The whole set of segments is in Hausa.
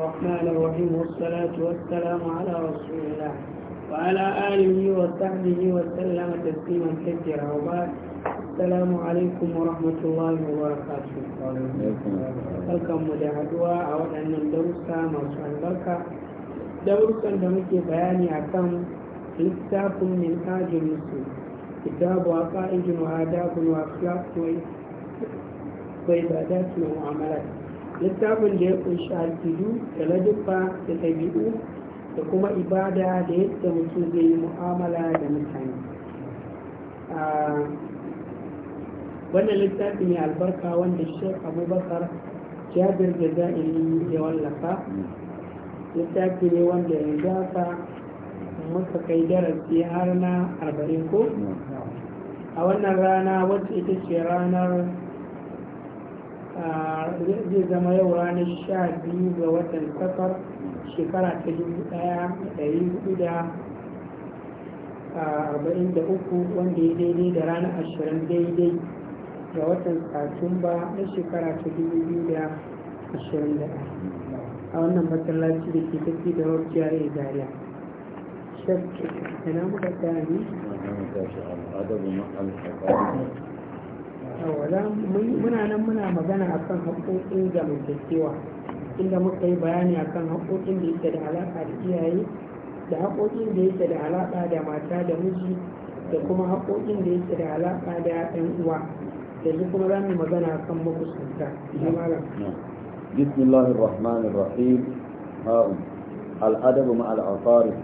الرحمن الرحيم والصلاة والسلام على رسول الله وعلى آله وصحبه وسلم تسليما كثيرا وبعد السلام عليكم ورحمة الله وبركاته وعليكم السلام ورحمة الله أن الدرس ما شاء البركة دورك عندك بياني أكم لكتاب من آج المسلم كتاب وعقائد وآداب وأخلاق وعبادات ومعاملات. littafin da ya kunshi alfidu da ladufa da tabi'u da kuma ibada da yadda mutum zai yi mu'amala da mutane wannan littafi ne albarka wanda shek abubakar jabir da za'ili ya wallafa littafi ne wanda ya haka muka kai darasi har na arba'in ko a wannan rana wacce ita ce ranar zai zama yau ranar sha biyu ga watan safar shekara ta dubu daya da yi hudu da arba'in da uku wanda ya daidai da ranar ashirin daidai ga watan satumba na shekara ta dubu biyu da ashirin da a wannan matsalaci da ke tafi da rajiyar zariya shakka ina muka tsaya ne? muna nan muna magana akan haƙoƙin zamantakewa inda muka yi bayani akan haƙoƙin da yake da alaƙa da iyaye da haƙoƙin da yake da alaƙa da mata da miji da kuma haƙoƙin da yake da alaƙa da ɗan uwa yanzu kuma za mu magana akan makusanta بسم الله الرحمن الرحيم ها الأدب مع العصارف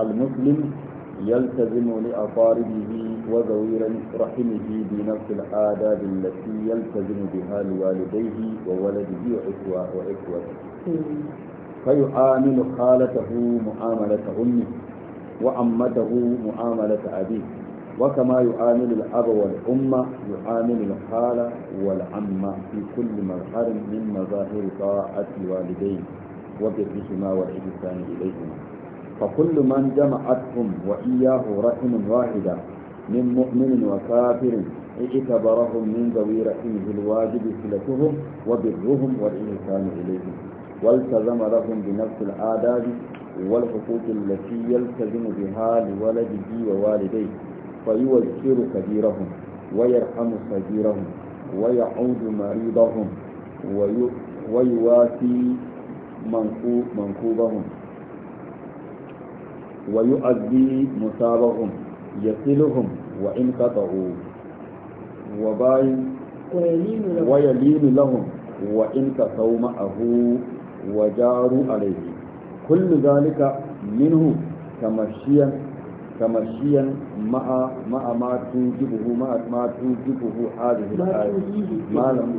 المسلم يلتزم لأقاربه وذوي رحمه بنفس الآداب التي يلتزم بها لوالديه وولده وإخوته فيعامل خالته معاملة أمه وعمته معاملة أبيه وكما يعامل الأب والأم يعامل الخال والعم في كل مظهر من مظاهر طاعة الوالدين وبرهما والإحسان إليهما فكل من جمعتهم وإياه رحم واحدة من مؤمن وكافر اعتبرهم من ذوي رحمه الواجب صلتهم وبرهم والإحسان إليهم والتزم لهم بنفس الآداب والحقوق التي يلتزم بها لولده ووالديه فيوزر كبيرهم ويرحم صغيرهم ويعود مريضهم ويواسي منكوبهم ويؤذي مصابهم يصلهم وإن قطعوا وباي ويلين لهم وإن قطعوا معه وجاروا عليه كل ذلك منه تمشيا تمشيا مع مع ما توجبه مع ما توجبه هذه الآية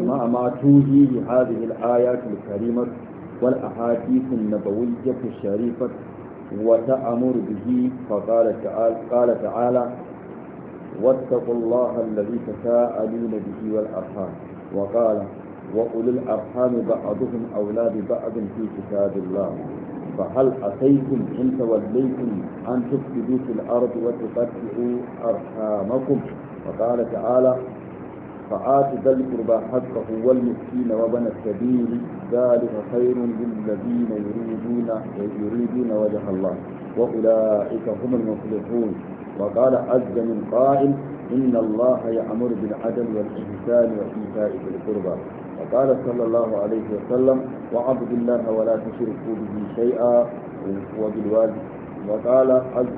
مع ما توجبه هذه الآيات الكريمة والأحاديث النبوية الشريفة وتأمر به فقال تعالى قال تعالى واتقوا الله الذي تساءلون به والأرحام وقال وأولي الأرحام بعضهم أولى ببعض في كتاب الله فهل أتيتم إن توليتم أن تفسدوا في الأرض وتقطعوا أرحامكم وقال تعالى فآت بل القربى حقه والمسكين وبنى السبيل ذلك خير للذين يريدون يريدون وجه الله وأولئك هم المفلحون وقال عز من قائل إن الله يأمر بالعدل والإحسان وإيتاء ذي القربى وقال صلى الله عليه وسلم وعبد الله ولا تشركوا به شيئا وبالوالد وقال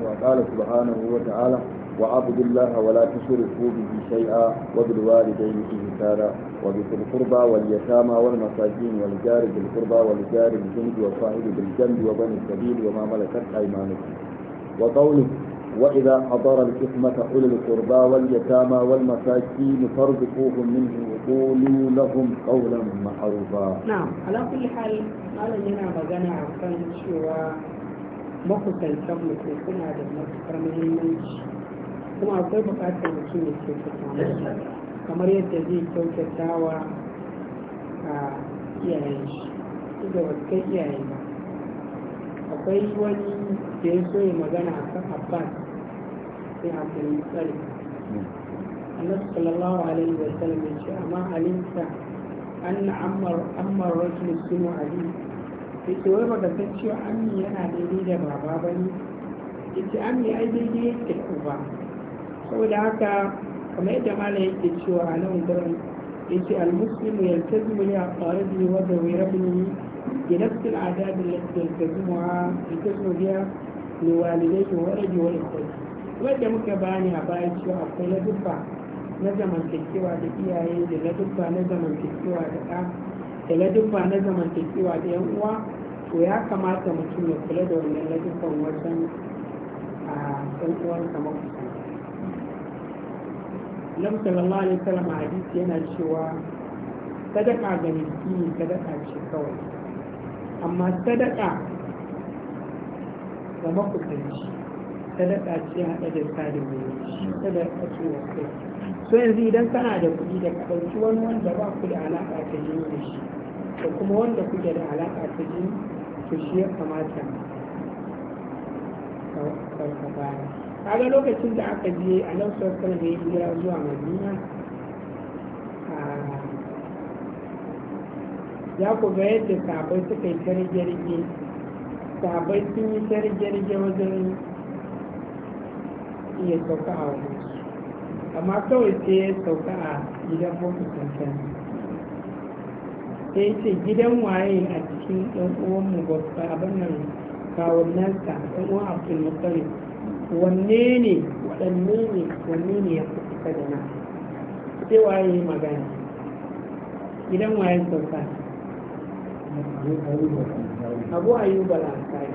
وقال سبحانه وتعالى وعبد الله ولا تشركوا به شيئا وبالوالدين إحسانا وبذي القربى واليتامى والمساكين والجار ذي القربى والجار الجند والصاحب بالجنب وبني السبيل وما ملكت أيمانكم وقوله وإذا حضر الحكمة أولي القربى واليتامى والمساكين فارزقوهم منه وقولوا لهم قولا معروفا. نعم على كل حال قال لنا بغنى عن شوى makusantan mutum suna da matukar muhimmanci kuma akwai buƙatar mutum ya kyautata musu kamar yadda zai kyautata wa a iyayen shi da wasu iyayen ba akwai wani da ya so ya magana a kan abbas sai yi tsari annabi sallallahu alaihi wa sallam ya ce amma alimta anna ammar ammar rajul sunu ali yake wai baka san cewa ammi yana daidai da baba ba ne yace ammi ai daidai yake da uba saboda haka kamar yadda malam yake cewa a nan gurin yace almuslimu yaltazimu li aqaribihi wa da rabbihi bi nafsi al'adab allati yaltazimuha yaltazimu biha li walidayhi wa rajuli wa ikhwatihi wanda muka bani a baya cewa akwai ladubba na zamantakewa da iyaye da ladubba na zamantakewa da ɗa da ladubba na zamantakewa da yan uwa to ya kamata mutum ya kula da wannan ladubban wajen a yan uwansa makusa Nabi sallallahu alaihi wasallam hadisi yana cewa sadaka ga ne sadaka ce kawai amma sadaka ga makusanci ce haɗa so yanzu idan kana da kuɗi da ɗauki wani wanda ba ku da alaƙa ta jini da kuma wanda kuke da alaƙa ta jini to shi ya kamata ka kaga lokacin da aka je a nan sosai da ya hijira zuwa madina ya ku ga yadda sabai suka yi sabai sun yi ta wajen iya sauka a wani amma kawai sai ya sauka a gidan boko sai ce gidan waye a cikin ɗan ba su abin nan kawunansa ɗan uwan abdulmutari wanne ne waɗanne ne wanne ne ya fi kusa da na sai waye yi magana gidan waye sauka abu ayyuba lansari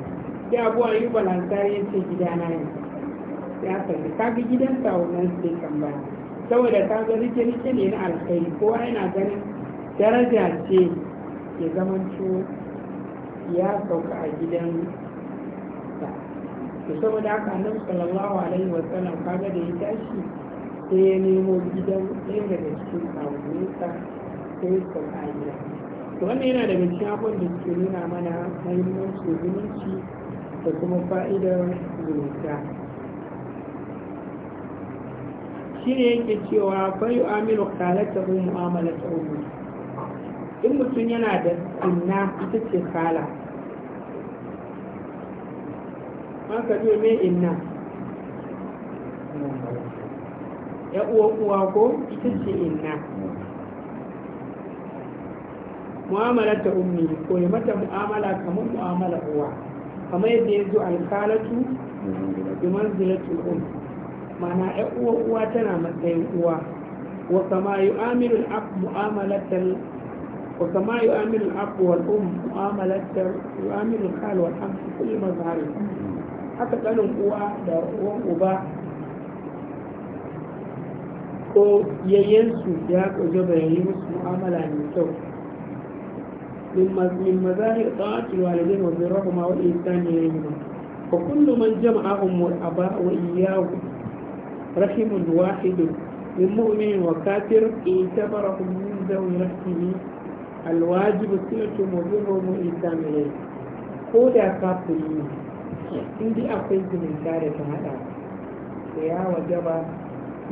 sai abu ayyuba lansari ya ce gidana ne sai aka ji kaga gidansa a wannan sai kan ba saboda kaga rike rike ne na alkhairi kowa yana ganin daraja ce ya zamanto ya sauka a gidan to saboda haka annabi sallallahu alaihi wa sallam kaga da ya tashi sai ya nemo gidan ɗaya daga cikin kawunansa sai ya sauka a gida to wannan yana daga cikin abin da suke nuna mana mahimmancin zumunci da kuma fa'idar zumunta shi ne yake cewa bayu amilu kalata ko mu'amala ta in mutum yana da sunna ita ce kala an ka ce mai inna ya uwa uwa ko ita ce inna mu'amala ta ummi ko ya mata mu'amala kamar mu'amala uwa kamar yadda ya alkalatu bi manzilatul ummi mana ‘yan uwa uwa tana matsayin uwa wa kama yi amirin ab mu'amalatar wa kama yi amirin ab wal um mu'amalatar yi amirin kal wal am su kulli mazhari haka kanin uwa da uwan uba ko yayyansu ya kuje bayani musu mu'amala mai kyau من مظاهر طاعة الوالدين وبرهما والإنسان إليهما وكل من جمعهم والأباء وإياه رحم واحد من مؤمن وكافر اعتبره من ذوي رحمه الواجب سنة مبرم الإسلام إليه كودا كافر indi akwai zumunta da ta hada da ya wajaba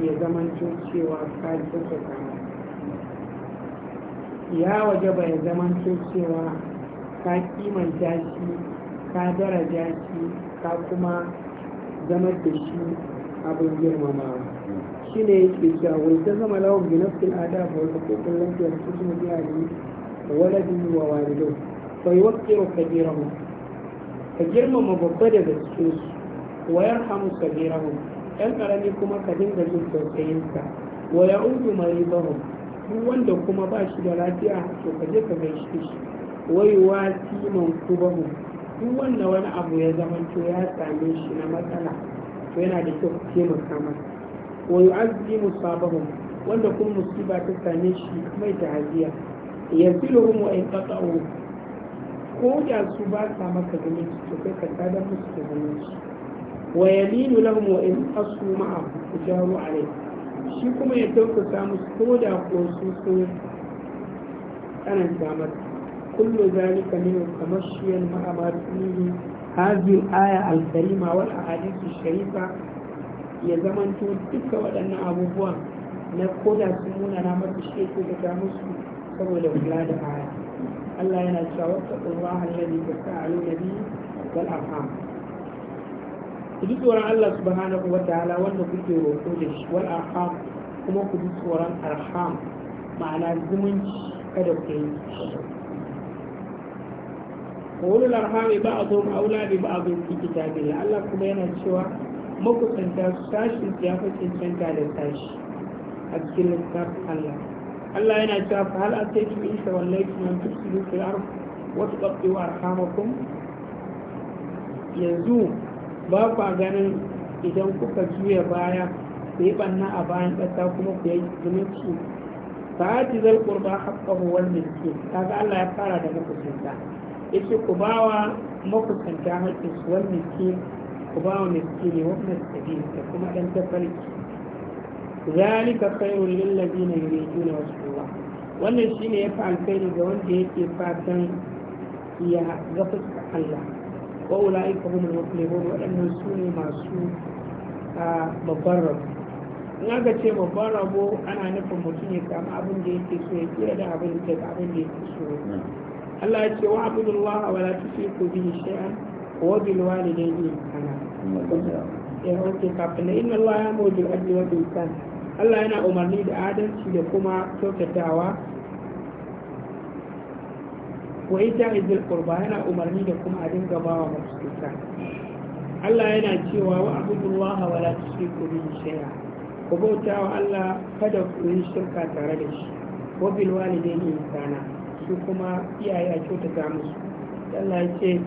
ya zamanto cewa kajin tsakani ya wajaba ya zamanto cewa ka kimanta shi ka daraja shi ka kuma zama da shi abin girmamawa shi ne yake cewa wai ta zama lawan binafsin adab wal hukukun lafiyar cikin yari waladin wa walido fa yi wakiru kabirahu ka girmama babba daga cikin su wa yarhamu mu ɗan ƙarami kuma ka dinga jin tausayinsa wa mai maribahu duk wanda kuma ba shi da lafiya to ka je ka gaishe shi wai wati ku kubahu duk wanda wani abu ya to ya same shi na matsala yana da kyau ku taimaka masa wa yu'azzimu musabahun wanda kun musiba ta same shi mai ta'aziyya yanziluhum wa in qata'u ko da su ba sa maka gani to kai ka tada musu da su wa yaminu lahum wa in asu ma'a ku jaru alai shi kuma ya tauka samu ko da ko su sun tsananta mata kullu zalika minhu kamashiyan ma'a ma fihi هذه الآية الكريمة والأحاديث الشريفة ya zamanto duka waɗannan abubuwan na koda sun nuna na masu sheko ta musu saboda kula da aya Allah yana cewa wata ƙunwa hallari da ta alo da biyu ku ji tsoron Allah subhanahu wa ta'ala wanda kuke roƙo da shi wal kuma ku tsoron ma'ana zumunci kada ku yi wani larhami ba a zo ma'aula bi ba a zo fi kitabi Allah kuma yana cewa makusanta sashin ya fi cancanta da tashi. a cikin littafin Allah Allah yana cewa fa hal ataitu in tawallaytum an tufsidu fil ard wa tuqatti'u arhamakum yanzu ba ku ganin idan kuka juya baya ku yi banna a bayan ƙasa kuma ku yi zumunci fa'ati zal qurba haqqahu wal miskin kaga Allah ya fara da makusanta yake ku bawa makusanta haƙƙin su wal miski ku wa miski ne ibn sabil da kuma ɗan tafarki zalika na lil na wasu ruwa. wannan shi ne ya fi alkhairi ga wanda yake fatan ya ga fuskar Allah wa ulaika humul muflihun waɗannan su ne masu babban rabu in aka ce babban rabo ana nufin mutum ya samu abin da yake so ya kira da abin da abin da yake so Allah ya ce wa abudullah wa la tusiku bihi shay'an wa bil walidayni ihsana ya wanke kafin na inna Allah ya mawdu adli wa ihsan Allah yana umarni da adalci da kuma kyautatawa wa ita izil qurba yana umarni da kuma a dinga bawa masu kuka Allah yana cewa wa abudullah wa la tusiku bihi shay'an ku bauta wa Allah kada ku yi shirka tare da shi wa bil walidayni ihsana su kuma iyaye a kyautata musu Allah ya ce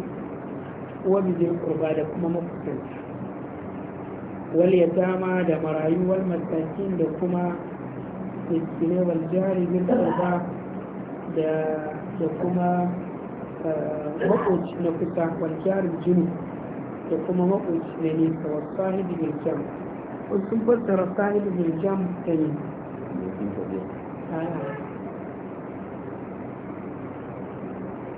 wa bijil kurba da kuma makusanta wal yatama da marayu wal masakin da kuma miskine wal jari bil da da kuma eh, makoci na kusa wal jari jini da kuma makoci na nesa wa sahibi bil jam sun fassara sahibi bil jam ta ne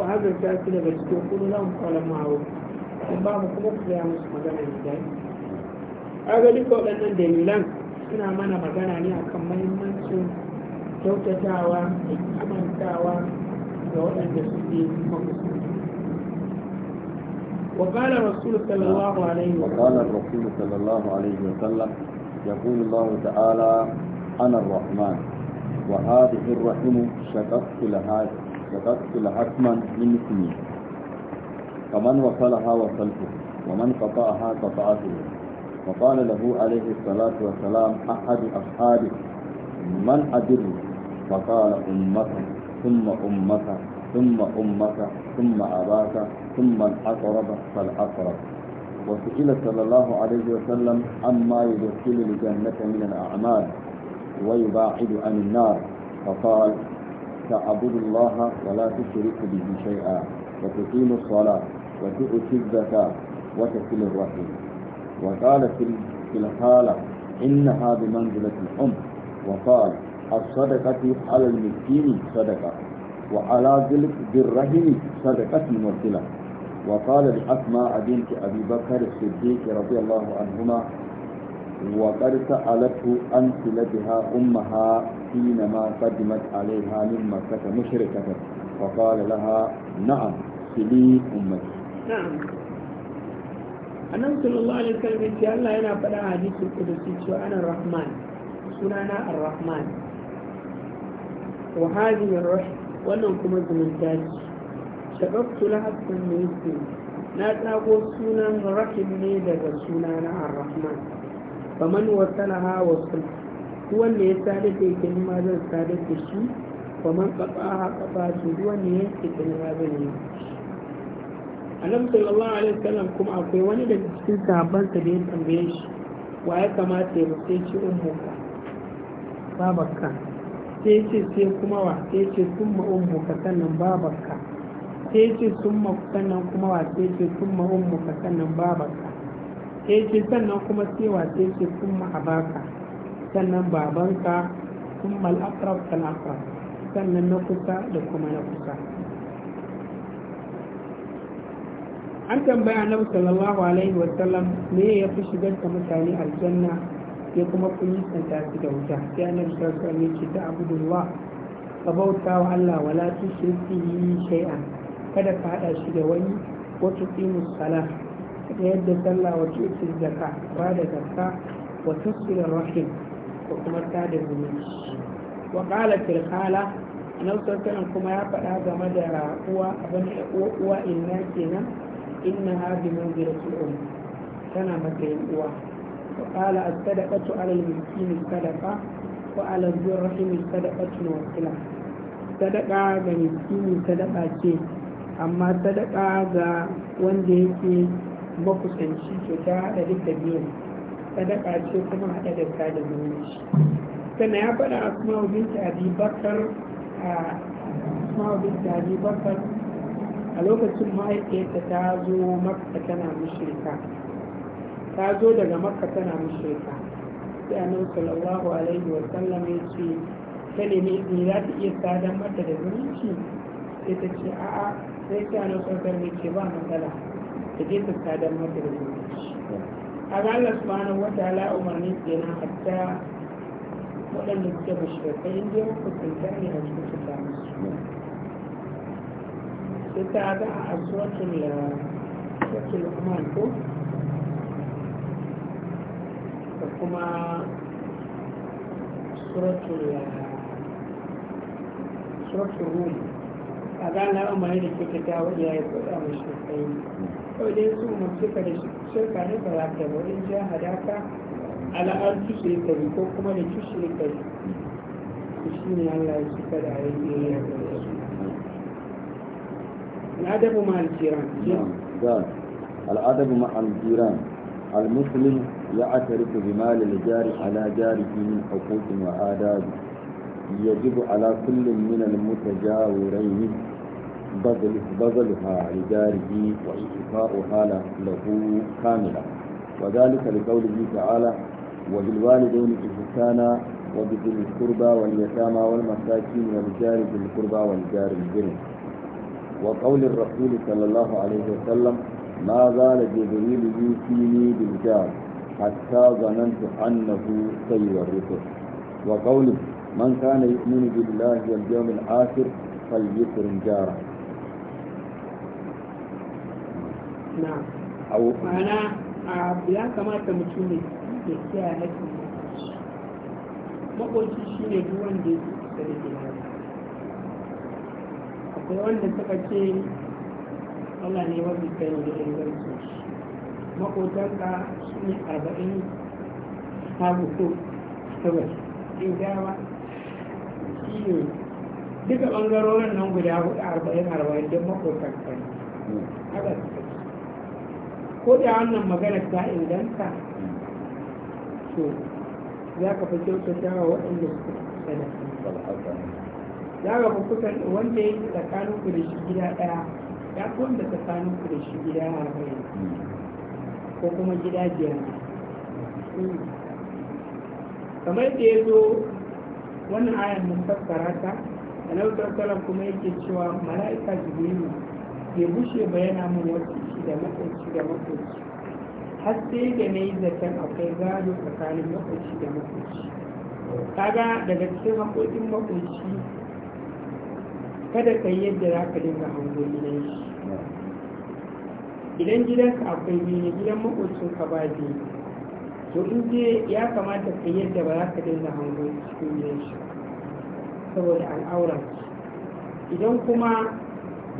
وهذا كان بس يقول لهم قال معروف ثم بعد كده قال يا مصطفى هذا لك ان ده لان انا ما انا مكان كما تاوا لو ان ده سيدي وقال الرسول صلى الله عليه وسلم وقال الرسول صلى الله عليه وسلم يقول الله تعالى انا الرحمن وهذه الرحم شققت لها وتقتل حتما من سنين فمن وصلها وصلته ومن قطعها قطعته فقال له عليه الصلاة والسلام أحد أصحابه من أجر فقال أمك ثم أمك ثم أمك ثم أباك ثم الأقرب فالأقرب وسئل صلى الله عليه وسلم عما يدخل الجنة من الأعمال ويباعد عن النار فقال تعبد الله ولا تشرك به شيئا وتقيم الصلاة وتؤتي الزكاة وتصل الرحم وقال في الحالة إنها بمنزلة الأم وقال الصدقة على المسكين صدقة وعلى ذي الرحم صدقة مرسلة وقال لأسماء بنت أبي بكر الصديق رضي الله عنهما وقد سألته أن صلتها أمها حينما قدمت عليها من مكة مشركة فقال لها نعم صلي أمك نعم annabi sallallahu alaihi wasallam yace Allah yana faɗa a hadisin kudusi rahman sunana ar-rahman wannan kuma zumunta ce shababtu lahabban min na tsago sunan rahim ne daga sunana ar-rahman faman wasalaha wasul wanda ya sadar da ita ma zan sadar da shi faman qataha qatatu wanda ya yanke ma zan yi annabi sallallahu alaihi wasallam kuma akwai wani daga cikin sahabbansa da ya tambaye shi wa ya kamata ya rufe shi muka babarka sai ce sai kuma wa sai ce summa ummuka sannan babarka sai ce summa sannan kuma wa sai ce in muka sannan babarka Eh, sai ce sannan kuma cewa ce ce kun ma'abaka sannan babanka kun mal'akrab kal'akrab sannan na kusa da kuma na kusa an tambaya na sallallahu alaihi wa sallam me ya fi shigar da mutane aljanna ya kuma fi nisanta su da wuta sai annabi sallallahu alaihi wa ta abudullah ka bauta wa Allah wala tushriku bihi shay'an kada ka hada shi da wani wato tuqimus salah tsayar da sallah wa tuti zakka ba da zakka wa tasbir rahim ko kuma ta da zumunci wa qala fil khala annabi kuma ya faɗa game da uwa abin da uwa inna kenan inna hadi manzilatul um tana matsayin uwa wa qala as-sadaqatu 'ala al-miskin sadaqa wa 'ala al-rahim sadaqatu wa sila sadaqa ga miskin sadaqa ce amma sadaka ga wanda yake makusanci to ta haɗa duk da biyan sadaka ce kuma haɗa da sada zumunci sannan ya faɗa asma'u binta abi bakar asma'u binta abi bakar a lokacin mahaifiyarta ta zo makka tana mushrika ta zo daga makka tana mushrika sai annabi sallallahu alaihi wa sallam ya ce ne ne izini za ta iya sadar mata da zumunci sai ta ce a'a sai ta annabi sallallahu alaihi wa sallam ya ce ba matsala da je ka sadar mata da zuci a ga Allah subhanahu wa ta'ala umarni kenan hatta waɗanda suke mashirkai in je muku tuntar ne a cikin su ta musu sai ta ga a asuwatul asuwatul aman ko da kuma suratul suratul rum a ga Allah umarni da ke ta wa iyaye ko da mashirkai kawai dai su umarci ka da shirka ne ba za ka yi wajen hadaka ala'an tushe ko kuma da tushe ka yi shi ne allah ya cika da ayyuka ya gare su al'adabu ma aljiran al'adabu ma aljiran المسلم يعترف بمال الجار على جاره من حقوق وآداب يجب على كل من بذلها لجاره وإيثارها له كاملا وذلك لقوله تعالى وبالوالدين إحسانا وبذل القربى واليتامى والمساكين والجار ذي القربى والجار الجنب وقول الرسول صلى الله عليه وسلم ما زال جبريل يوصيني بالجار حتى ظننت أنه سيورثه وقوله من كان يؤمن بالله واليوم الآخر فليكرم جاره ma'ana ya kamata mutum ne da kiyaye haƙƙin makoci shi ne duk wanda ya kusa da gina akwai wanda suka ce Allah ne mafi kai da ingancin shi makotanka shi ne arba'in hagu ko sabas in dama shi ne duka ɓangarorin nan guda hudu arba'in arba'in don makotanka ne hmm. haka suka ce ko da wannan magana ta inganta to za ka fi kyautata wa waɗanda suka sana za ka fi kusan wanda yake tsakanin ku da shi gida ɗaya ya fi wanda tsakanin ku da shi gida arba'in ko kuma gida biyar kamar da ya zo wannan ayan mun fassara ta a nautar kuma yake cewa mala'ika jibrilu ya bushe ba yana mun shi da makwabci da makwabci har sai da na yi zaton akwai gado tsakanin makwabci da makwabci kaga daga cikin haƙoƙin makwabci kada ka yi yadda za ka dinga hango gidan shi idan gidan ka akwai bene gidan makwabcin ka ba bene to in je ya kamata ka yi yadda ba za ka dinga hango cikin gidan shi saboda al'aura idan kuma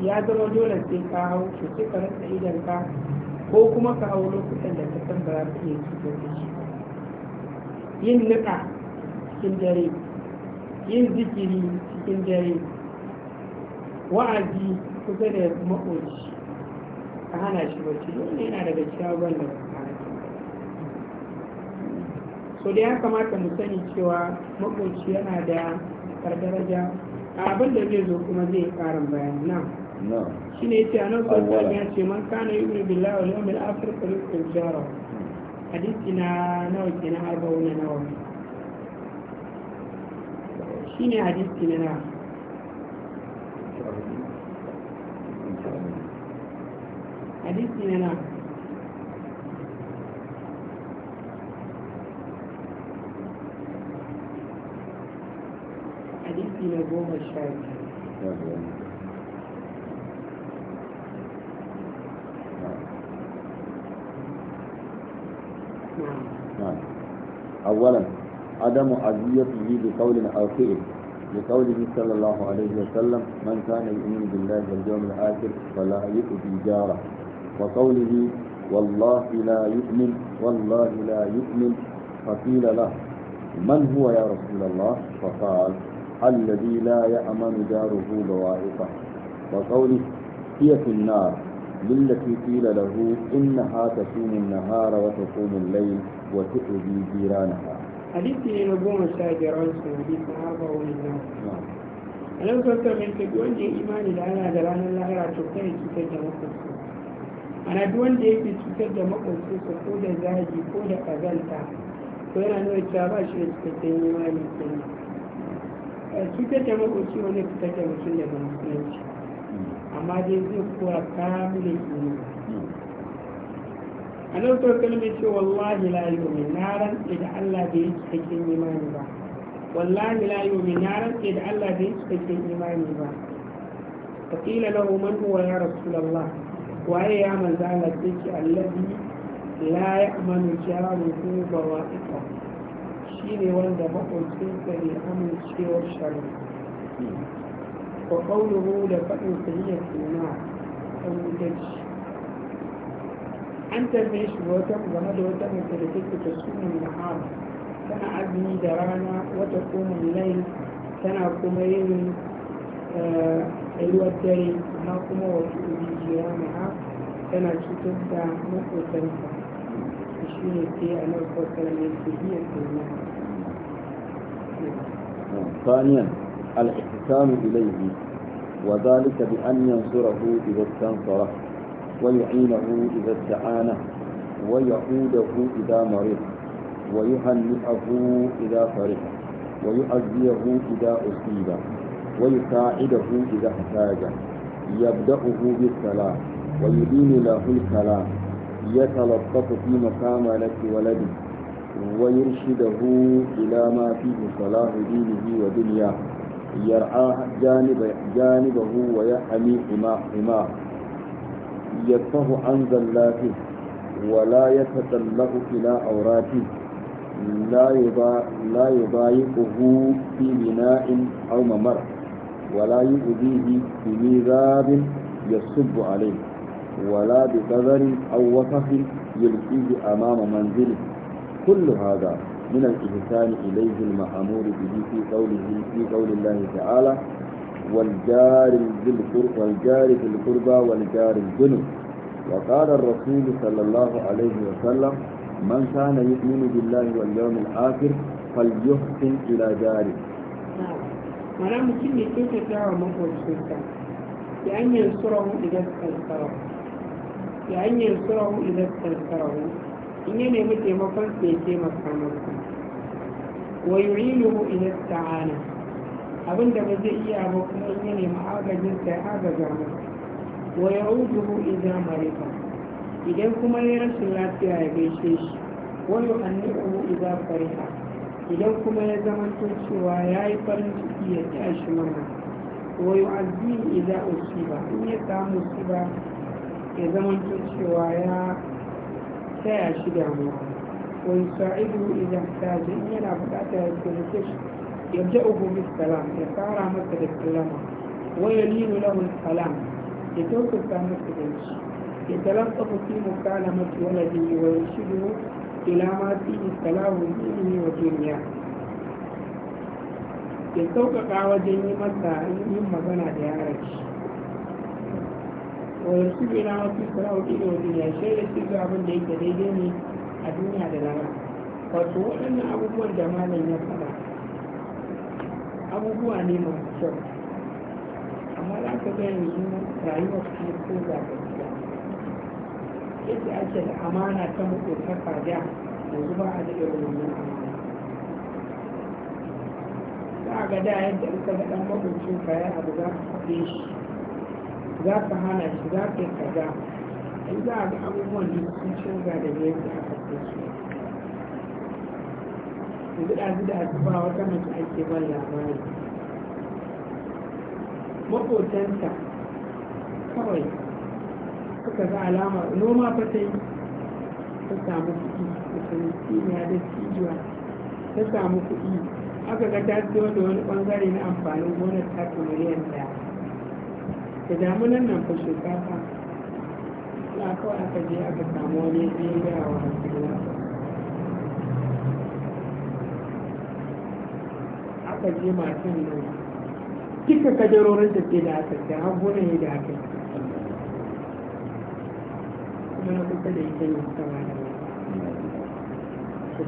ya zama dole sai ka hau to sai ka rasa idan ka ko kuma ka hau lokutan da ka san ba za ka iya cutar da shi yin niƙa cikin dare yin zikiri cikin dare wa'azi kusa da maƙoci ka hana shi bacci dole yana daga cikin abubuwan da ba so da ya kamata mu sani cewa makoci yana da daraja abin da zai zo kuma zai karin bayan nan shi ne yace anan sallallahu ya ce man kana yu'minu billahi wal yawmil akhir falyuqim jara hadisi na nawa kenan arba'una nawa shi ne hadisi na nawa hadisi na nawa hadisi na goma sha biyu أولا عدم أذيته بقول أو فعل لقوله صلى الله عليه وسلم من كان يؤمن بالله واليوم الآخر فلا يؤذي جاره وقوله والله لا يؤمن والله لا يؤمن فقيل له من هو يا رسول الله فقال الذي لا يأمن جاره بوائقه وقوله هي في النار للتي قيل له إنها تصوم النهار وتقوم الليل وتؤذي جيرانها حديثي نبوم الشاجر عنسو حديث أربع ونزام نعم أنا كنت من تقول لي إيمان الآن هذا لأن الله يرى تبتني تتجه مقصد أنا دون دي في تتجه مقصد سقود زاجي قود قذلتا وأنا نوي تابع شيء تتجه إيمان الآن تتجه مقصد وأنا تتجه مقصد amma dai zai kuwa kamilin imani a nan to kalmi ce wallahi la yumin na rantse da Allah da yi cikakken imani ba wallahi la yumin na rantse da Allah da yi cikakken imani ba fakila lahu man huwa ya rasulullah waye ya manzo Allah yake allazi la ya'manu jaruhu bawa'iqa shine wanda maƙocinsa ne amincewar shari'a وقوله لفأن سيئة النار أو مدلش أنت ميش بوتم غمد وتم تلتك تسكن من النهار كان عزمي درانا وتقوم الليل كان قميل الوتري آه، أيوة ما قم وتؤذي جيرانها كان تتبع مقوتنها شيء في أن القوة لم يستهي النار ثانيا الإحسان إليه وذلك بأن ينصره إذا استنصره ويعينه إذا استعانه ويعوده إذا مرض ويهنئه إذا فرح ويؤذيه إذا أصيب ويساعده إذا احتاج يبدأه بالسلام ويدين له الكلام يتلطف في مكاملة ولده ويرشده إلى ما فيه صلاح دينه ودنياه yar janibahu wa ya hami ima ya tahu an zallafi wa ya tattallahu ila aurati la ya ba yi ƙuhu fi mina'in au mamar wa la yi ƙudihi fi mizabin ya subbu alai wa la bi ƙazari au wasafin yulƙizi a mama manzili kullu haza من الإحسان إليه المأمور به في قوله في قول الله تعالى والجار ذي القربى والجار ذي القربى والجار الجنب وقال الرسول صلى الله عليه وسلم من كان يؤمن بالله واليوم الآخر فليحسن إلى جاره معناه mutum ne ke tafiya wa لأن ينصره إذا surahu لأن ينصره إذا hanyar in ya nemi taimakon sai taimaka masa wa yu'iluhu ila ta'ala abinda ba zai iya ba kuma in ya nemi agajin sai agaza masa wa ya'uduhu idza marifa idan kuma ya rashin lafiya ya gaishe shi wa yu'annihu idza fariha idan kuma ya to cewa ya yi farin ciki ya ta shi mana wa yu'azzihi idza usiba in ya samu musiba ya to cewa ya ويساعده إذا احتاج إني أنا بدأت أتكلمش يبدأه بالسلام يسارع مثل الكلام ويلين له السلام يتوقف عن مثلش يتلقف في مكالمة ولده ويرشده إلى ما فيه سلام دينه ودنيا يتوقف عوجه مثلا إن يم بنا ديارش wa yarsu bi na wasu sarauti da wajen yashe da su ga abin da yake daidai ne a duniya da lara wato waɗannan abubuwan da malam ya faɗa abubuwa ne masu kyau amma za ka ga yanzu rayuwar ta ko za ka yadda ake da amana ta makotaka da yanzu ba a da irin wannan za a ga ya abu za za ka hana shi za ka yi kaza in za a ga abubuwan da sun canza da su aka ce su gida gida da asuba wata mace ake ban labari makotanta kawai suka ga alama noma fa ta yi ta samu kuɗi da sanitiya da cijiya ta samu kuɗi aka ga ta wanda da wani ɓangare na amfanin gonar ta miliyan daya Ka damunan nan fa shinkafa na kawai aka je aka samu wani ya gaya wa aka je matan nan duka kajarorin da ke da aka ce an gona ya da aka kuma na kusa da ita yin kama da wani.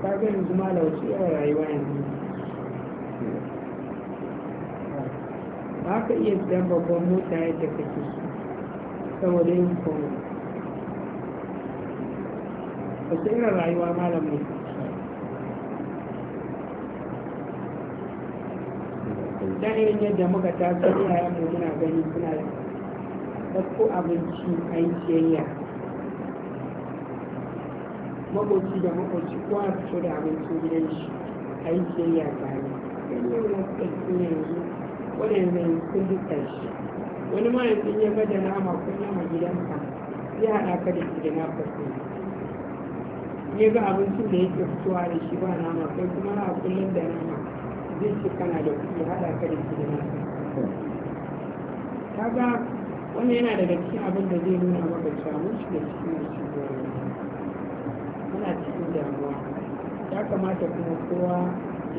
Ka ga yanzu ma da wasu yawan rayuwa yanzu ba ka iya siyan babban mota yadda su saboda yin komai wasu irin rayuwa malam ne dan irin yadda muka taso iyayen mu muna gani suna da ɗauko abinci a yi ciyayya makoci da makoci kowa fito da abincin gidan shi a yi ciyayya tare. Ɗan yin wasu ɗauki yanzu zai kun dukkan shi wani ma ya bada nama kun nama gidanka ya haɗa ka da shi na fasu ya ga abincin da yake fitowa da shi ba nama kai kuma na kullum da nama zai ce kana da kuɗi haɗa ka da shi da na ga wannan yana daga cikin abin da zai nuna maka cewa mun shiga cikin shi muna cikin damuwa ya kamata kuma kowa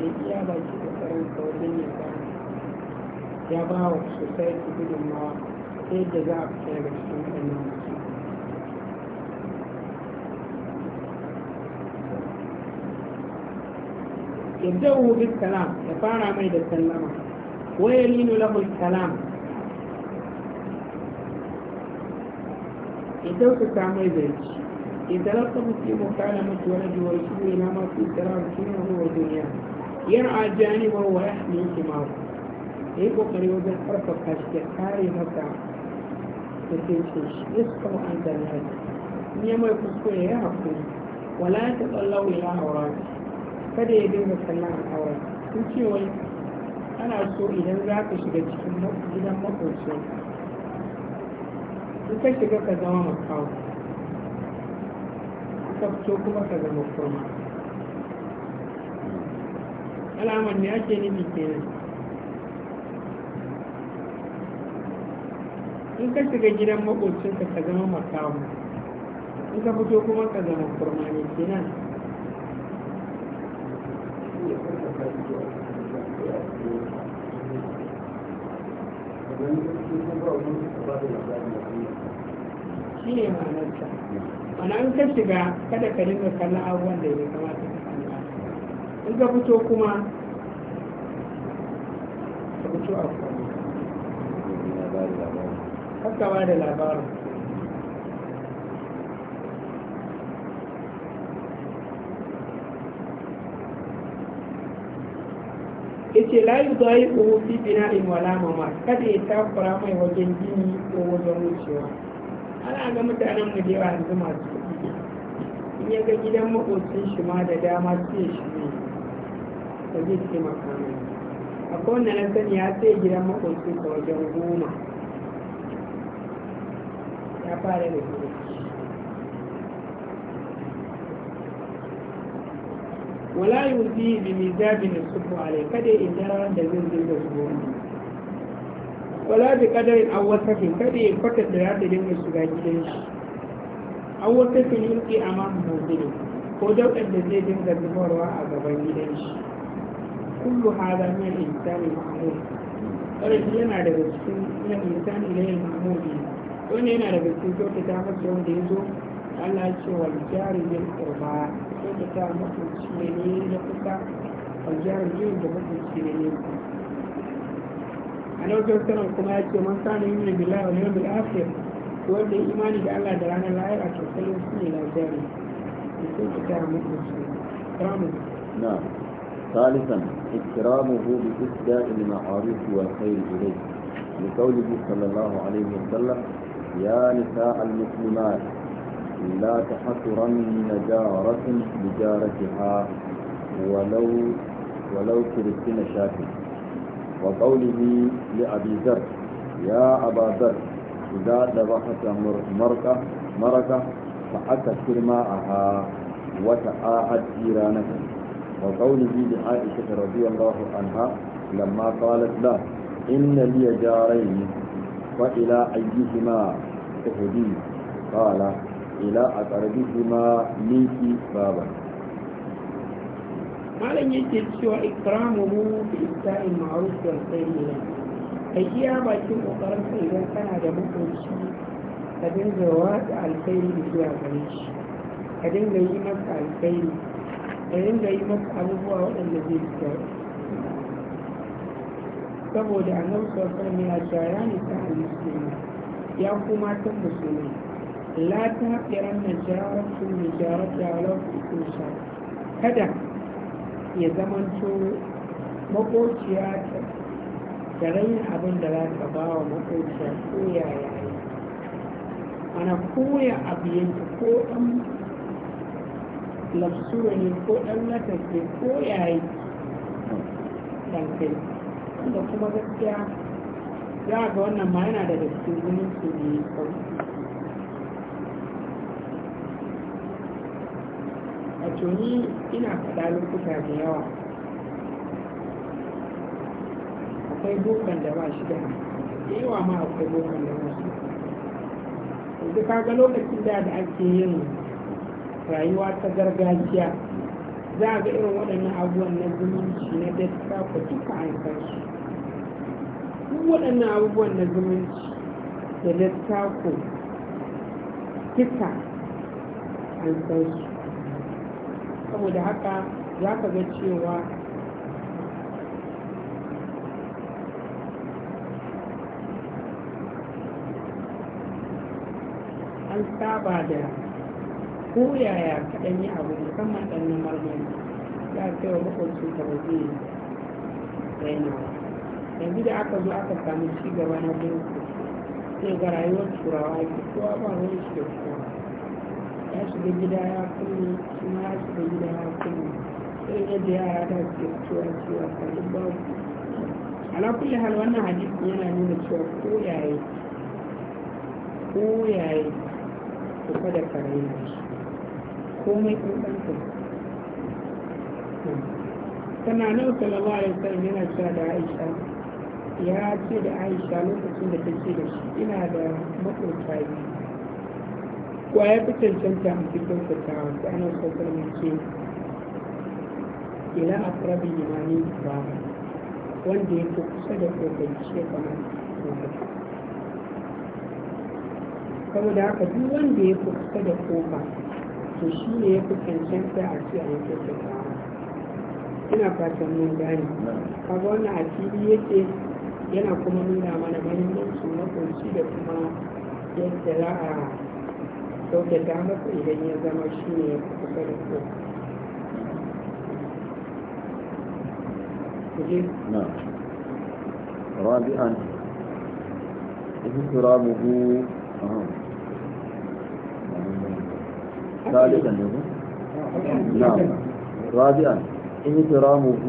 ya iya baki da tsaron ka wajen ya يبدأه بالكلام يفارع ما يتكلم ويلين له الكلام يدوك كامل ذلك يتلطف في مكالمة ولد ورسول إلى ما في كلام سنه ودنياه يرعى جانبه ويحمي ثماره ya yi kokari wajen karfafa shi ya kare maka da ke ce shi ya su kama an zane hajji in ya mai kuskure ya haƙuri wala ya ta tsallawo ya haura kada ya dinga kallon al'aura sun ce wai ana so idan za ka shiga cikin gidan makwacin in ka shiga ka zama makawo ka fito kuma ka zama kurma alamar ne ake nufi kenan in ka shiga gidan makocinka ka zama makamu in ka fito kuma ka zama kurmani kenan shi ne ma'anarsa mana in ka shiga kada ka dinga kallon abubuwan da ya kamata ka kalla in ka fito kuma ka fito a kwanu haka da labarin yace la yi uhu fi in wala mama kada ya takura mai wajen gini ko wajen wucewa ana ga mutanen mu da yanzu masu kuɗi in ya ga gidan makocin shi ma da dama sai ya ne, ba zai taimaka mai akwai wanda na sani ya sai gidan makocin sa wajen goma ya fara da shi. wala yuzi bi mizabin subhu alai kada in daren da zan su zuwa wala bi qadarin aw wasafin kada in fata da ta dinga shiga gidan shi aw wasafin yulqi amam mawdini ko daudar da zai dinga zubarwa a gaban gidan shi kullu hada min al-insani mahmud yana daga cikin na insani ne mahmudi wani yana daga cikin kyautata masa wanda ya zo Allah ce wa jari yin kurba kyautata masa shi ne na kusa wa jari yin da masa shi ne ne a nautar sanar kuma ya ce man sani yin billahi wal yawmil akhir wanda imani da Allah da ranar lahira to sai su ne lajari kyautata masa shi ne na'am ثالثا اكرامه بإسداء المعارف والخير إليه لقوله صلى الله عليه وسلم يا نساء المسلمات لا تحقرن جارة بجارتها ولو ولو كرتن شاكي وقوله لأبي ذر يا أبا ذر إذا ذبحت مرقة مرقة فحكت ماءها وتآهت جيرانك وقوله لعائشة رضي الله عنها لما قالت له إن لي جارين فإلى أيهما أهدي قال إلى أقربهما منك بابا ما لن يجد سوى إكرامه في إنساء المعروف والخير إليه أي يا باكين أقربك إذا كان هذا مؤمن شيء أدين زواج على الخير بسوى عمليش أدين غيمك على الخير أدين غيمك على الله الذي يذكره saboda annabi sallallahu alaihi wasallam ya ya nisa al-muslimi ya kuma ta musulmi la ta qiran jarar da ala kusa kada ya to makociya ta rayin abin da za ta ba wa makociya ko yaya ana koya abu yanki ko ɗan lafsura ne ko ɗan latas ko yayi dan kai da kuma gaskiya za ga wannan ma yana daga cikin su ne a tuni ina faɗa lokuta da yawa akwai bukan da ba shi da da yawa ma akwai bukan da ba shi ka ga lokacin da da ake yin rayuwa ta gargajiya za a ga irin waɗannan abubuwan na zumunci na dattako duka an san waɗannan abubuwan na zumunci da littafo duka an sauki saboda haka za ka ga cewa an saba da koyaya kaɗan yi abu musamman ɗan na marmari ya kai wa makwabci da waje da yi. yanzu da aka zo aka samu ci gaba na birnin sai ga rayuwar turawa ke kowa ba wani shi da kowa ya shiga gida ya kulle shi ya shiga gida ya kulle sai yadda yara da ke cewa cewa kalin babu ala kulli hal wannan hadisi yana nuna cewa ko yayi ko yayi ku kada ka raina komai kun ɗanka sannan nan sallallahu alaihi wasallam yana cewa da aisha ya ce da aisha lokacin da take da shi ina da makwabta biyu wa ya fi cancanta a cikin fitawa ta ana sautar mai ce ila a farabi imani ba wanda ya fi kusa da kokarci ya Kama saboda haka duk wanda ya fi kusa da kofa to shi ne ya fi cancanta a ce a yi kyautatawa ina fatan mun gani kaga wannan a fili yake yana kuma nuna mana mahimmanci na kunshi da kuma yadda za a kyautata masa idan ya zama shi ne ya kusa da ku رابعا ثالثا نعم رابعا احترامه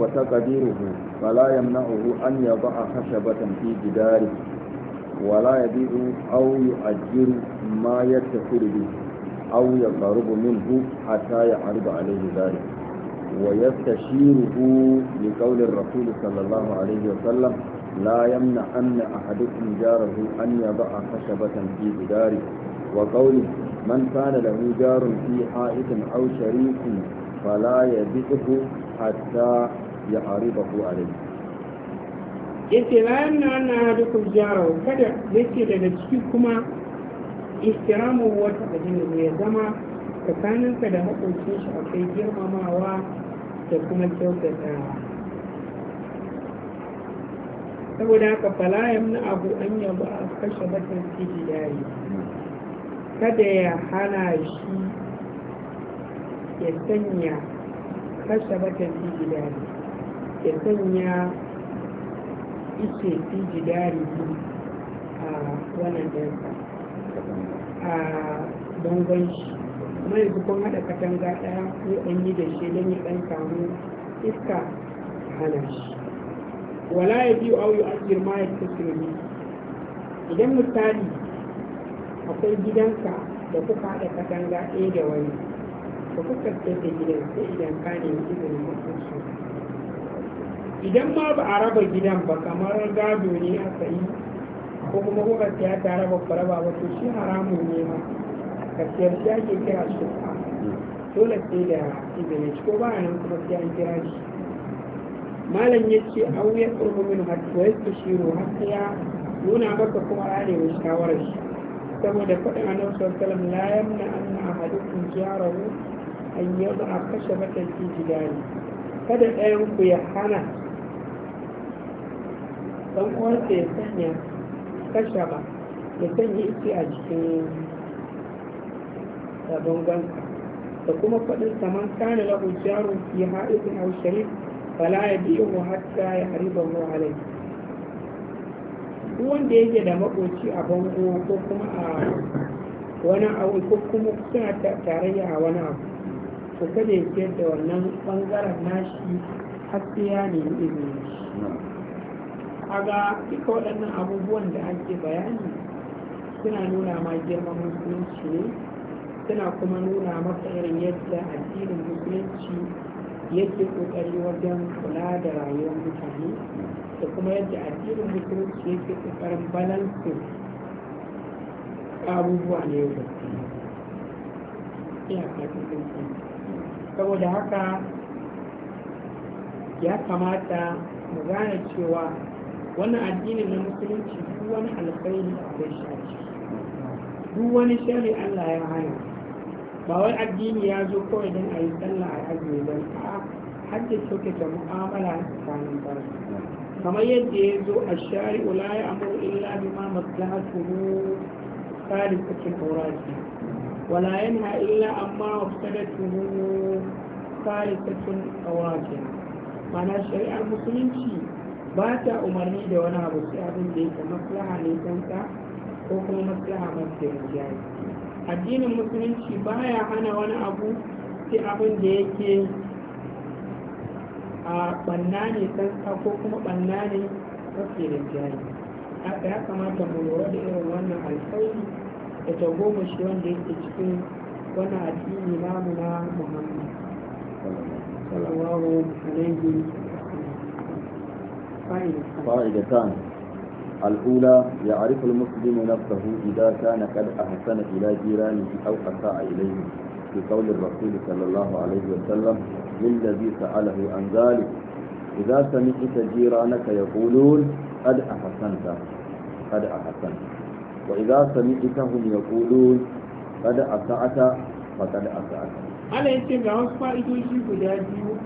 وتقديره فلا يمنعه أن يضع خشبة في جداره ولا يبيع أو يؤجر ما يتفر به أو يقرب منه حتى يعرض عليه ذلك ويستشيره لقول الرسول صلى الله عليه وسلم لا يمنع أن أحدكم جاره أن يضع خشبة في جداره وقوله من كان له جار في حائط أو شريك fala ya bi'uhu hatta ya aribahu alai yace na na anna ahadukum jarahu kada yake daga ciki kuma ihtiramu wa ne ya zama tsakaninka da maƙocin shi akwai girmamawa da kuma kyautata. saboda haka fala na abu an yaba kashe batar yayi kada ya hana shi ya sanya ta fi jidari ya sanya ice fi jidari a wannan ɗansa a bangon shi mai yanzu kun haɗa katanga ɗaya ko ɗan yi da shi don ya ɗan samu iska hana shi wala ya biyu au yi ajiyar ma ya fi idan misali akwai gidanka da kuka haɗa katanga ɗaya da wani ba kuka da gidan sai idan ka nemi izinin hukunci idan ma ba a raba gidan ba kamar gado ne aka yi ko kuma kuka siya ta raba ku ba to shi haramun ne ma ka siyar shi ake kira shi dole sai da izinin shi ko ba nan kuma sai an kira shi malam ya ce au ya tsurbu min hatta ya tsiro hatta ya nuna maka kuma rane wa shawarar shi saboda faɗin annabi sallallahu alaihi wasallam la yamna anna ahadukum jarahu an yi a kashe matalki jidani kada ɗayan ku ya hana ɗan uwansa ya sanya kashe ba ya sanya iske a cikin sabon ganka da kuma faɗin saman kana lahu jarun fi ha'izin bala ya fala mu hatta mu halai duk wanda yake da makoci a bango ko kuma a wani abu ko kuma suna tarayya a wani abu Ku kada ya da wannan bangaren nashi har sai ya nemi izinin kaga duka waɗannan abubuwan da ake bayani suna nuna ma girman musulunci ne suna kuma nuna maka irin yadda addinin musulunci yake kokari wajen kula da rayuwar mutane da kuma yadda addinin musulunci yake kokarin balansin abubuwa ne yau da iyaka cikin saboda haka ya kamata mu gane cewa wannan addini na musulunci duk wani alkhairi kai shi duk wani shari Allah ya hana ba wai addini ya zo kawai don a yi sallah a azumi don a soke kyautata mu'amala tsakanin bar kamar yadda ya zo a shari'u la ya amuru illa bima maslahatuhu salisatul awrati ولا ينهى إلا أما وابتدته ثالثة أواجه معنى umarni da شيء باتا أمرني دي وانا أبو سيابين دي كمصلحة نيسانتا ko kuma maslaha mafi rinjaye addinin musulunci baya hana wani abu sai abin da yake a banna ne tsantsa ko kuma banna ne mafi rinjaye ya kamata mu lura da irin wannan alkhairi da shi wanda yake cikin wani addini namu na muhammad sallallahu alaihi فائدتان الأولى يعرف المسلم نفسه إذا كان قد أحسن إلى جيرانه أو أساء إليهم بقول الرسول صلى الله عليه وسلم للذي سأله عن ذلك إذا سمعت جيرانك يقولون قد أحسنت قد أحسنت wa idza sami'tahum yaqulun qad asa'ata faqad asa'ata ana yace ga wasu fa'idoji guda biyu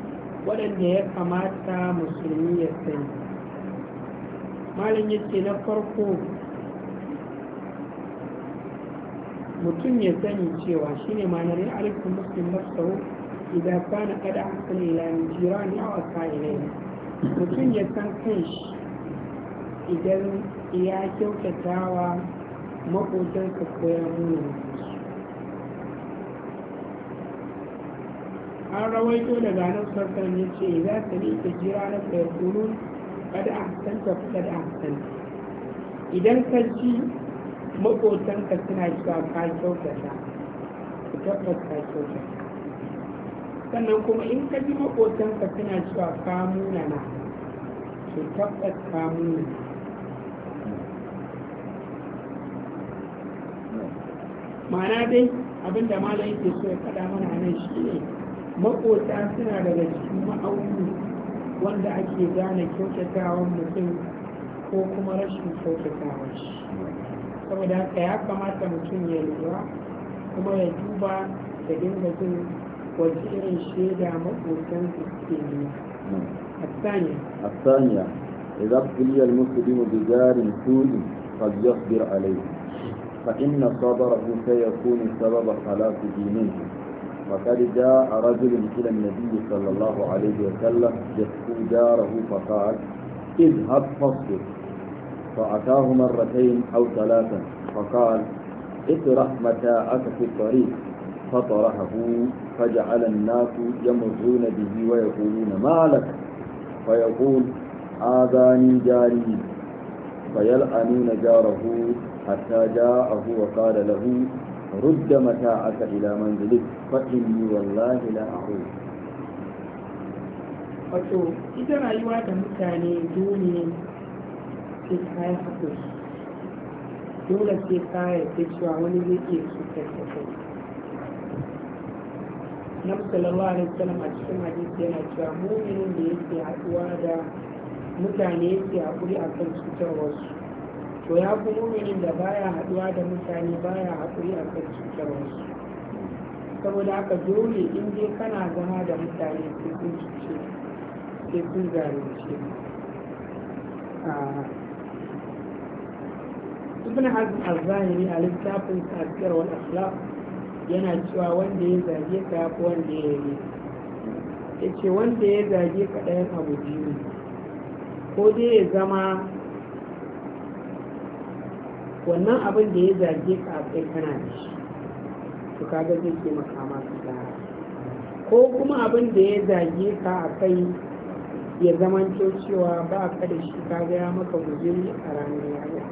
waɗanda ya kamata musulmi ya sani malam yace na farko mutum ya sani cewa shine ma'anar ya alifu na tsaro idan kana kada jira ni a aw asailai mutum ya san kai idan ya kyautatawa maƙotan ka koya mana an rawaito daga nan sarkar ya ce za ta ne ta jira na ka kunun kada a hasanta kada a hasanta idan ka ji maƙotan ka suna cewa ka kyautata ka tabbas ka kyautata sannan kuma in ka ji maƙotan ka suna cewa ka munana ka tabbas ka munana ma'ana dai abinda da malam yake so ya kada mana nan shi ne maƙota suna daga cikin ma'auni wanda ake gane kyautatawan mutum ko kuma rashin kyautatawan shi saboda haka ya kamata mutum ya lura kuma ya duba da dinga jin wace irin shaida maƙotan su suke a الثانية الثانية إذا ابتلي المسلم بجار سوء bir عليه فإن صبره سيكون سبب خلاص دينه وقد جاء رجل إلى النبي صلى الله عليه وسلم يشكو جاره فقال اذهب فاصبر فأتاه مرتين أو ثلاثا فقال اطرح متاعك في الطريق فطرحه فجعل الناس يمرون به ويقولون ما لك فيقول آذاني جاري فيلعنون جاره حتى جاءه وقال له رد متاعك إلى منزلك فإني والله لا أعود wato ita rayuwa da mutane dole ce ka yi dole ce ka yarda cewa wani zai iya cutar da kai na sallallahu na wasallam a cikin hadisi yana cewa muminin da yake haɗuwa da mutane yake haƙuri akan cutarwarsu to ya fi muminin da baya haɗuwa da mutane baya haƙuri a kan wasu? saboda haka dole in dai kana zama da mutane sai cikin cuce sai sun zalunce ibn hazm al-zahiri a littafin tafiyar wani akhlaq yana cewa wanda ya zage ka ko wanda ya yi ya ce wanda ya zage ka ɗayan abu biyu ko dai ya zama wannan abin da ya zage ka a kai kana da shi to kaga zai ke makama su tsara ko kuma abin da ya zage ka a kai ya zama cewa ba ka da shi kaga ya maka guzuri a ranar yaya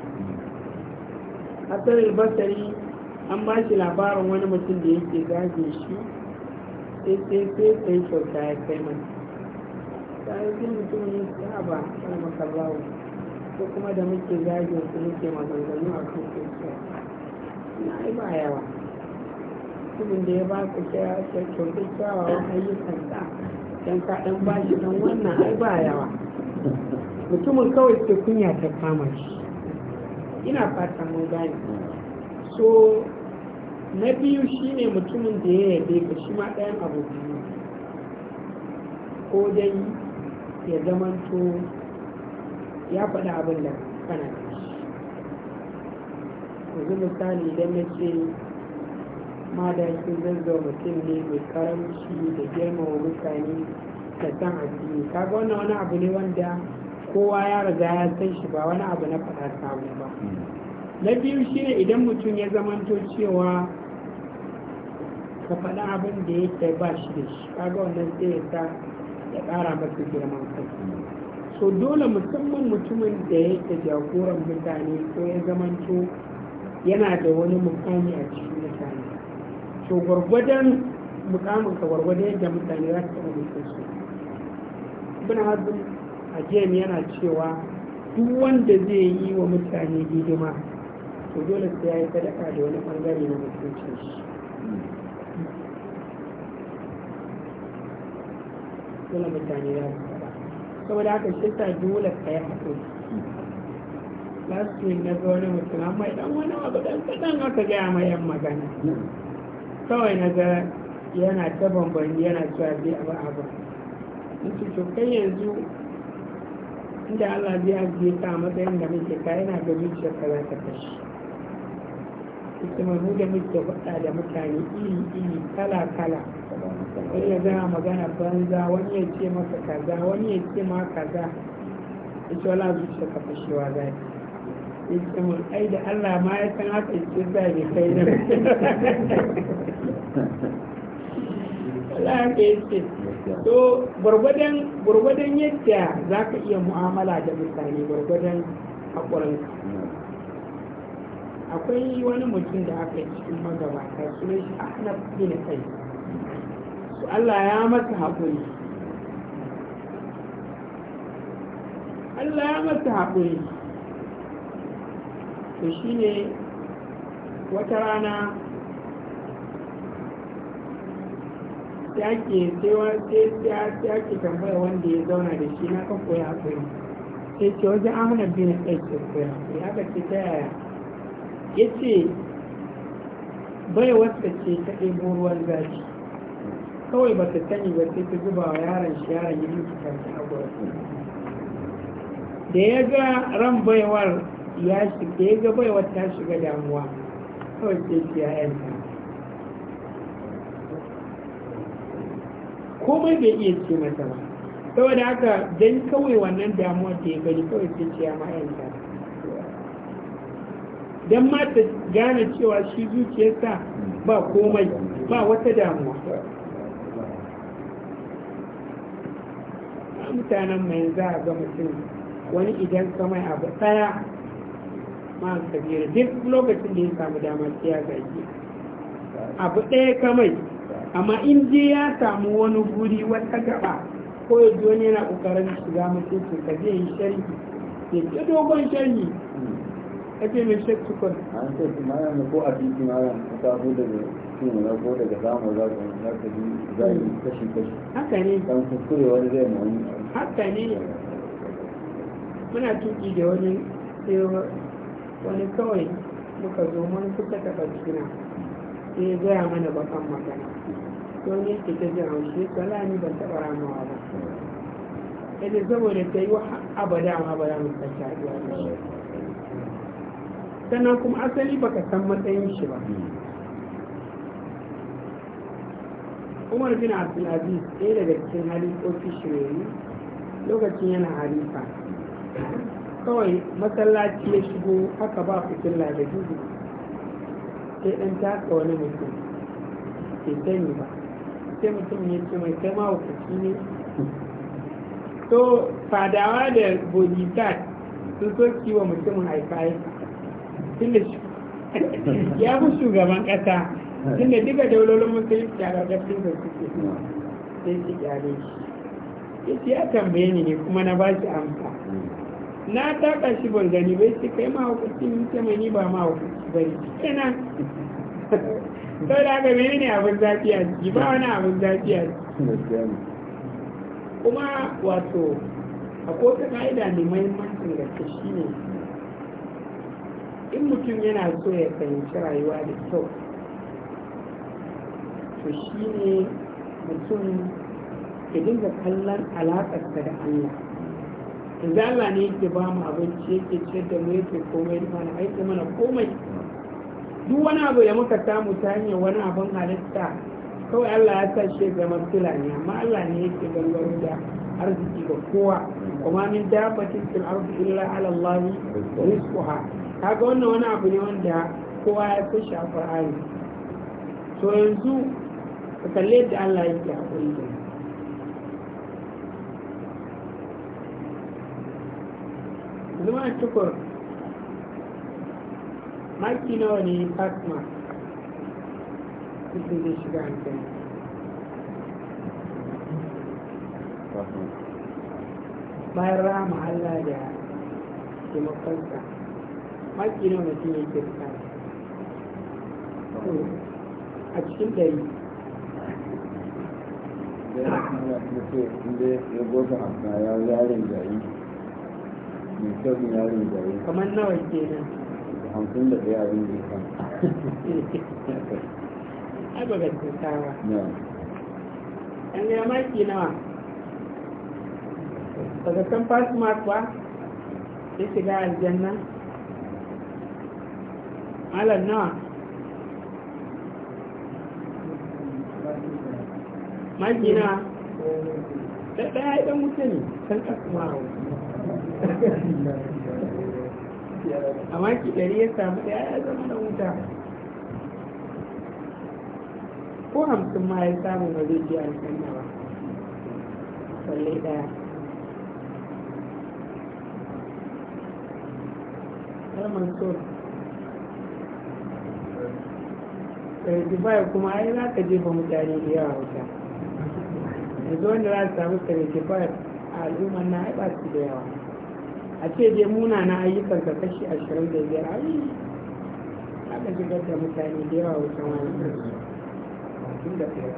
hasan basari an ba shi labarin wani mutum da yake zage shi sai sai sai sai kyauta ya kai mai sai mutum ne ya ba kana maka ko kuma da muke zagin su muke maganganu a kan kirkiya na ai ba yawa mutumin da ya ba ka kyautar kyawawan ayyukansa don ka ɗan ba shi ɗan wannan ai ba yawa mutumin kawai sai kunya ta kama shi ina fata mun gani so na biyu shine mutumin da ya yabe ka shi ma ɗayan abu biyu ko dai ya zamanto ya faɗi abin da kana yanzu misali idan na ce madakin zazzau mutum ne mai karamci da girma wa mutane da san addini kaga wannan wani abu ne wanda kowa ya riga ya san shi ba wani abu na faɗa samu ba na biyu ne idan mutum ya zamanto cewa ka faɗa abin da yake ba shi da shi kaga wannan sai ya sa ya ƙara masa girman kai to dole musamman mutumin da yake jagoran mutane ko ya zamanto yana da wani mukami a cikin mutane to gwargwadon mukamin ka gwargwadon yadda mutane za su taɓa mutum su ibn hazm a jiyan yana cewa duk wanda zai yi wa mutane hidima to dole sai ya yi sadaka da wani bangare na mutuncin shi dole mutane za su saboda haka shi sa dole ka yi hakuri last week na zaune mutum amma idan wani abu dan kadan aka gaya mai yan magana kawai na ga yana ta bambam yana cewa zai abu abu in ci to kai yanzu inda Allah zai ajiye ka a matsayin da muke ka yana ga zuciyarka za ta kashe kuma mu da muke faɗa da mutane iri iri kala kala wani ya gaya magana banza wani ya ce masa kaza wani ya ce ma kaza ita wala zuciya ka fashewa zai ita ya mun ai da Allah ma ya san haka ya ce za ne kai nan Allah ka ya ce to gurgudan yadda za ka iya mu'amala da mutane gurgudan haƙurinka akwai wani mutum da aka yi cikin magabata sunan shi ahnaf bin kai su Allah ya masa haƙuri Allah ya masa haƙuri to shine wata rana yake yake tambaya wanda ya zauna da shi na kan koya haƙuri sai ce wajen amina bin kai ke koya ya ga ce ta yaya ya ce bai ce ta ɗebo ruwan zafi kawai ba ta sani ba sai ta zuba wa yaron shi yaron yi mutu ta a gurin da ya ga ran baiwar ya shiga ya ga baiwar ta shiga damuwa kawai sai ta yayanta komai bai iya ce mata ba saboda haka dan kawai wannan damuwa da ya gani kawai sai ta yayanta don ma ta gane cewa shi zuciyarsa ba komai ba wata damuwa mutanen mai za a ga mutum wani idan ka mai abu tsaya ma kabira duk lokacin da ya samu dama sai ya zage abu ɗaya ka mai amma in je ya samu wani guri wata gaba ko ya wani yana ƙoƙarin shiga mutum ka zai yi sharhi ya dogon shari'i ake mai shek tukun an ce su mara na ko a titi mara na sabu daga cin na ko daga samu za ka za ka ji za ka kashi kashi haka ne kan kuskure wani zai mani haka ne muna tuki da wani wani kawai muka zo mun suka taɓa jina sai ya gaya mana bakan magana to ne ke ta jira shi tsala ni ban taɓa ramawa ba yadda saboda ta yi wa abada ma ba za mu sake haɗuwa da shi sannan kuma asali baka san matsayin shi ba umar bin abdulaziz ɗaya daga cikin halifofi shirayi lokacin yana halifa kawai masallaci ya shigo haka ba fitilla da dubu sai ɗan taka wani mutum ke sani ba sai mutum ya ce mai kai ma ne to fadawa da bodyguard sun so kiwa mutumin haifa haifa ya fi shugaban ƙasa tunda duka wulolin musulunci a ƙarƙashin da suke sai shi gyare shi Ita ya tambaye ni ne kuma na ba shi amsa na taka shi ban gani bai shi kai ma hukunci ni ce mai ni ba ma hukunci ba ne kenan sau da haka mene ne abin zafi a ciki ba wani abin zafi a ciki kuma wato a kotu ka'ida ne mahimmancin gaske shi ne in mutum yana so ya fahimci rayuwa da kyau to shi ne mutum ya dinga kallon alaƙarsa da Allah yanzu Allah ne yake ba mu abinci yake ciyar da mu yake komai mana aiki mana komai duk wani abu da muka samu ta hanyar wani abin halitta kawai Allah ya sa shi zama sila ne amma Allah ne yake gangaro da arziki ga kowa kuma min dabbatin fil ardi illa ala Allah rizquha kaga wannan wani abu ne wanda kowa ya fi shi a to yanzu ka kalli da Allah yake a kullum. Zuma a tukur maki nawa ne fatima cikin zai shiga hankali bayan rama Allah da taimakonsa haƙƙi You mutum ya ke bukata a cikin kamar nawa ke nan da ɗaya abin da ya kan ai ba gaskata ba ɗan ya maki nawa daga kan fasu masu ba ya shiga aljanna على النار ما da ɗaya ya ɗan wuce ne san kasuwa a maki ya samu ɗaya ya zama da wuta ko hamsin ma ya samu ba zai ba ɗaya Eh, dubai kuma ai za ka jefa mutane da yawa wuta yanzu wanda za su samu kare a al'ummar na ai ba su da yawa a ce dai muna na ayyukan ka kashi ashirin da biyar ai aka shigar da mutane da yawa wuta wani tun da biyar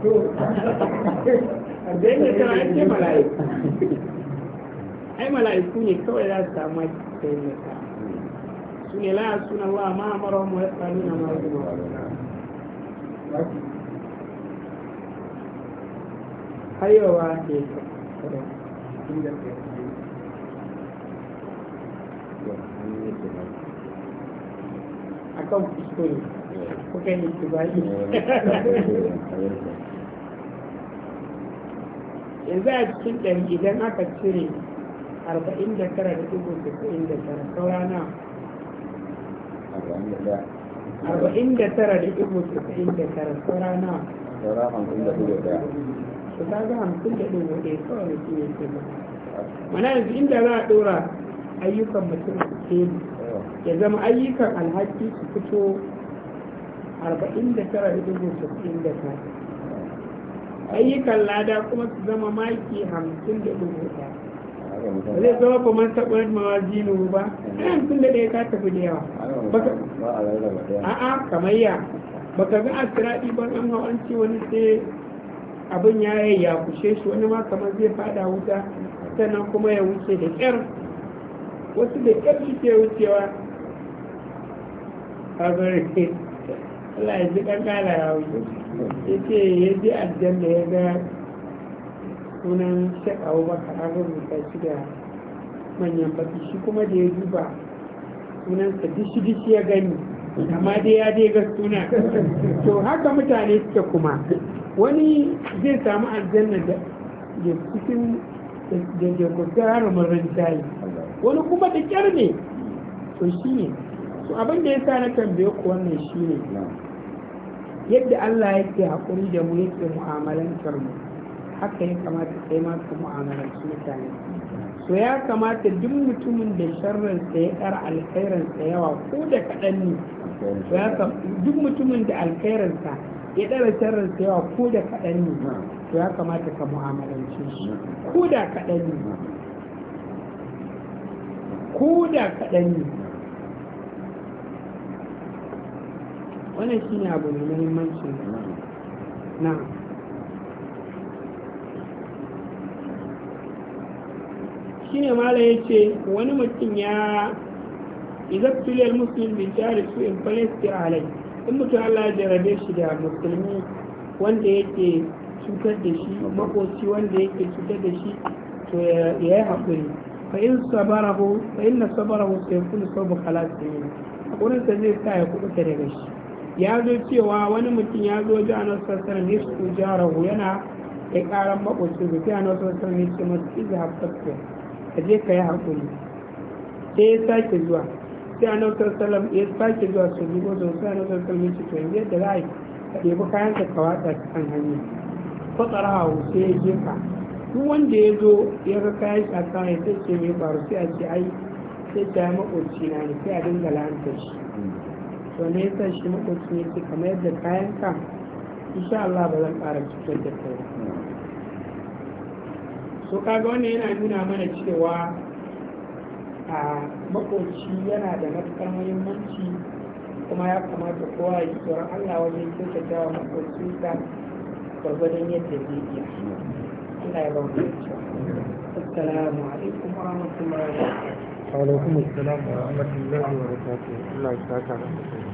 to arba'in da tara ai ce mala'iku ai mala'iku ne kawai za su samu a cikin da shine la yasuna Allah ma amara mu yasaluna ma yudu hayowa ke akan kuskure kuka yi tubali yanzu a cikin ɗari idan aka cire arba'in da tara da dubu da tara arba'in da tara da ibu casa'in da tara saura na saura hamsin da ɗigo ɗaya to ta ga hamsin da ɗigo ɗaya kawai mutum ya ce ba mana yanzu inda za a ɗora ayyukan mutum a cikin ya zama ayyukan alhaki su fito arba'in da tara da ɗigo casa'in da tara ayyukan lada kuma su zama maki hamsin da ɗigo ɗaya ba zai zama kuma taɓar mawazinu ba ɗan tun da ɗaya ka tafi da yawa a'a kamar ya baka ga asiraɗi ban an hawanci ce wani sai abin ya yi ya kushe shi wani ma kamar zai fada wuta sannan kuma ya wuce da ƙyar wasu da ƙyar suke wucewa a gare Allah ya ji ƙanƙala ya wuce ya ce ya ji aljanna ya ga sunan shek abubakar an rubuta shi da manyan baki shi kuma da ya duba sunansa dishi dishi ya gani amma dai ya dai ga suna to haka mutane suke kuma wani zai samu aljanna da ya cikin da ya kusa haramin rinjaye wani kuma da kyar ne to shi ne to abin da ya sa na tambaye ku wannan shi ne yadda Allah yake haƙuri da mu yake mu'amalantar mu haka ya kamata sai ma ka mu'amalanci mutane to ya kamata duk mutumin da sharransa ya alkhairan alkhairansa yawa ko da kadan ne duk mutumin da alkhairansa ya sharran sharransa yawa ko da kadan ne to ya kamata ka mu'amalance shi ko da kadan ne ko da kadan ne wannan shi ne abu mai muhimmanci na shine mala ya ce wani mutum ya idan filiyar musulun bin jari su in falastir alai in mutum allah ya jarabe shi da musulmi wanda yake cutar da shi makoci wanda yake cutar da shi to ya yi haƙuri fa in sabarahu fa in sabarahu sai kun sabu a hakurin sa zai sa ya ta daga shi ya zo cewa wani mutum ya zo ji anas sassan ne su jarahu yana ya ƙaran makoci zai anas sassan ne su masu izi tafsir ka je ka yi haƙuri sai ya sake zuwa sai annabi sallallahu salam ya sake zuwa su biyu gozo sai annabi sallallahu alaihi wasallam ya ce yadda za a yi ka ɗebi kayan ka ka watsa ta kan hanya ko hawo sai ya jefa duk wanda ya zo ya ga kayan shi a kan ya sai ce mai faru sai a ce ai sai ta yi maƙoci na ne sai a dinga la'anta shi to ne ya sa shi maƙoci ne ce kamar yadda kayan ka insha Allah ba zan ƙara cutar da kai ba so kaga wannan yana nuna mana cewa a makoci yana da matukar muhimmanci kuma ya kamata kowa ya tsoron allah wajen kyautata wa ta gwargwadon yadda zai iya allah ya bauta assalamu alaikum wa rahmatullahi wa barakatuh alaikum assalam wa rahmatullahi wa barakatuh allah ya saka da